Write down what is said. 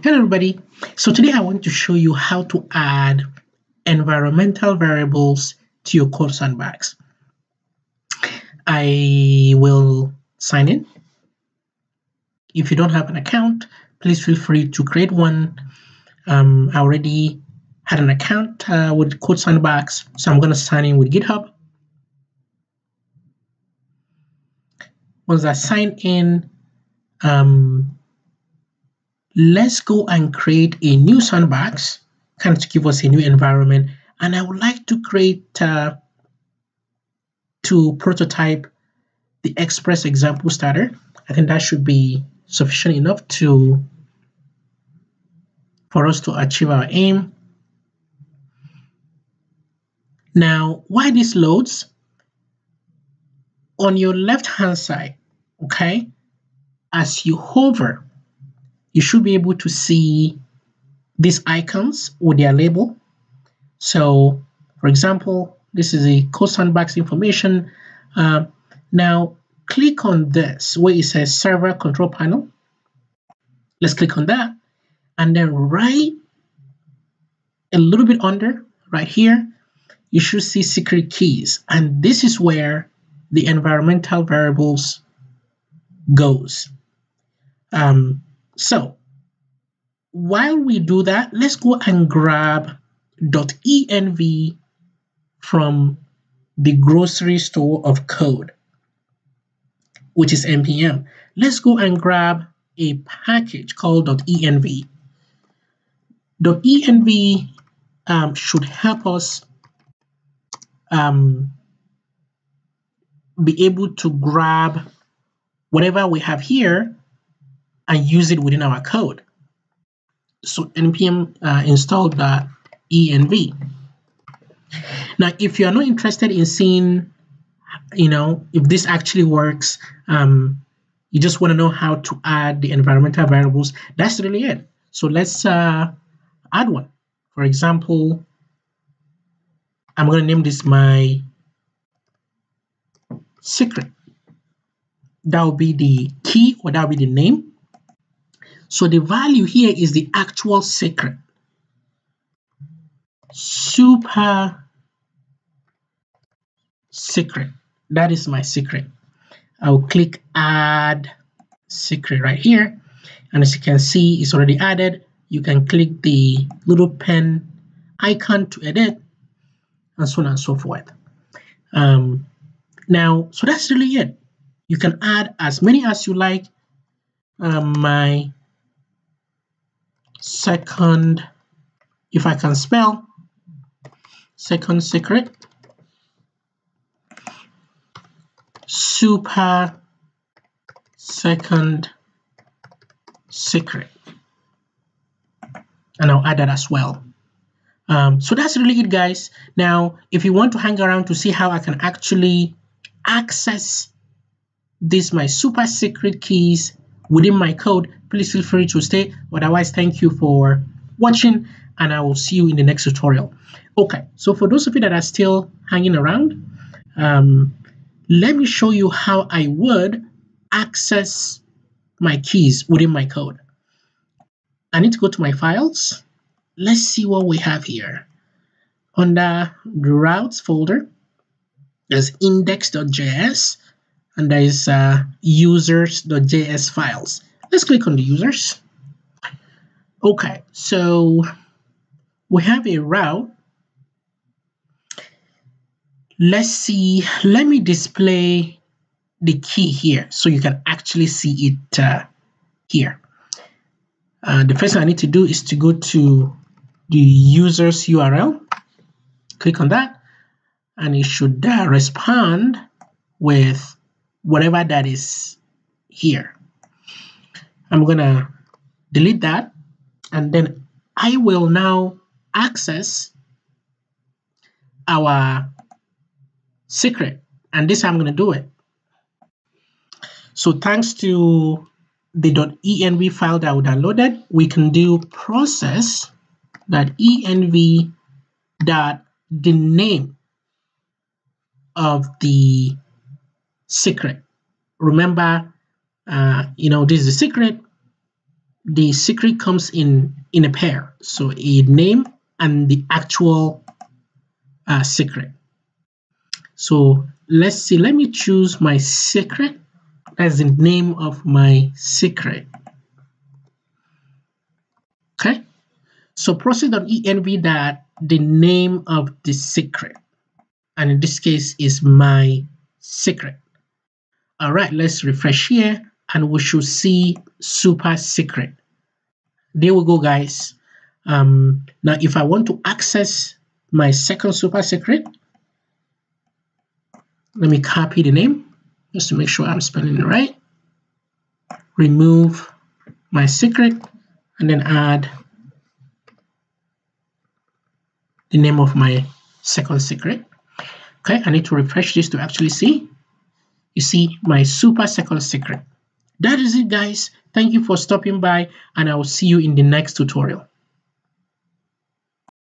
Hello everybody. So today I want to show you how to add environmental variables to your code sandbox. I will sign in. If you don't have an account, please feel free to create one. Um, I already had an account uh, with code sandbox, so I'm going to sign in with GitHub. Once I sign in, um, let's go and create a new sandbox, kind of to give us a new environment. And I would like to create uh, to prototype the express example starter. I think that should be sufficient enough to for us to achieve our aim. Now, why this loads? On your left hand side, okay, as you hover you should be able to see these icons with their label. So for example, this is a co-sandbox information. Uh, now click on this where it says server control panel. Let's click on that. And then right a little bit under right here, you should see secret keys. And this is where the environmental variables goes. Um, so while we do that, let's go and grab .env from the grocery store of code, which is npm. Let's go and grab a package called .env. .env um, should help us um, be able to grab whatever we have here and use it within our code. So npm uh, install env. Now, if you are not interested in seeing, you know, if this actually works, um, you just want to know how to add the environmental variables, that's really it. So let's uh, add one. For example, I'm going to name this my secret. That will be the key or that will be the name. So the value here is the actual secret. Super secret. That is my secret. I'll click add secret right here. And as you can see, it's already added. You can click the little pen icon to edit and so on and so forth. Um, now, so that's really it. You can add as many as you like. Um, my second if I can spell second secret super second secret and I'll add that as well um, so that's really it guys now if you want to hang around to see how I can actually access this my super secret keys within my code please feel free to stay otherwise thank you for watching and i will see you in the next tutorial okay so for those of you that are still hanging around um, let me show you how i would access my keys within my code i need to go to my files let's see what we have here under the routes folder there's index.js and there is uh, users.js files Let's click on the users. Okay, so we have a route. Let's see, let me display the key here so you can actually see it uh, here. Uh, the first thing I need to do is to go to the user's URL, click on that, and it should uh, respond with whatever that is here. I'm gonna delete that and then I will now access our secret and this I'm gonna do it. So thanks to the .env file that we downloaded, we can do process.env dot the name of the secret. Remember, uh, you know this is the secret the secret comes in in a pair so a name and the actual uh, secret so let's see let me choose my secret as the name of my secret okay so proxy.env that the name of the secret and in this case is my secret all right let's refresh here and we should see super secret. There we go, guys. Um, now, if I want to access my second super secret, let me copy the name just to make sure I'm spelling it right. Remove my secret and then add the name of my second secret. Okay, I need to refresh this to actually see. You see my super second secret. That is it guys. Thank you for stopping by and I will see you in the next tutorial.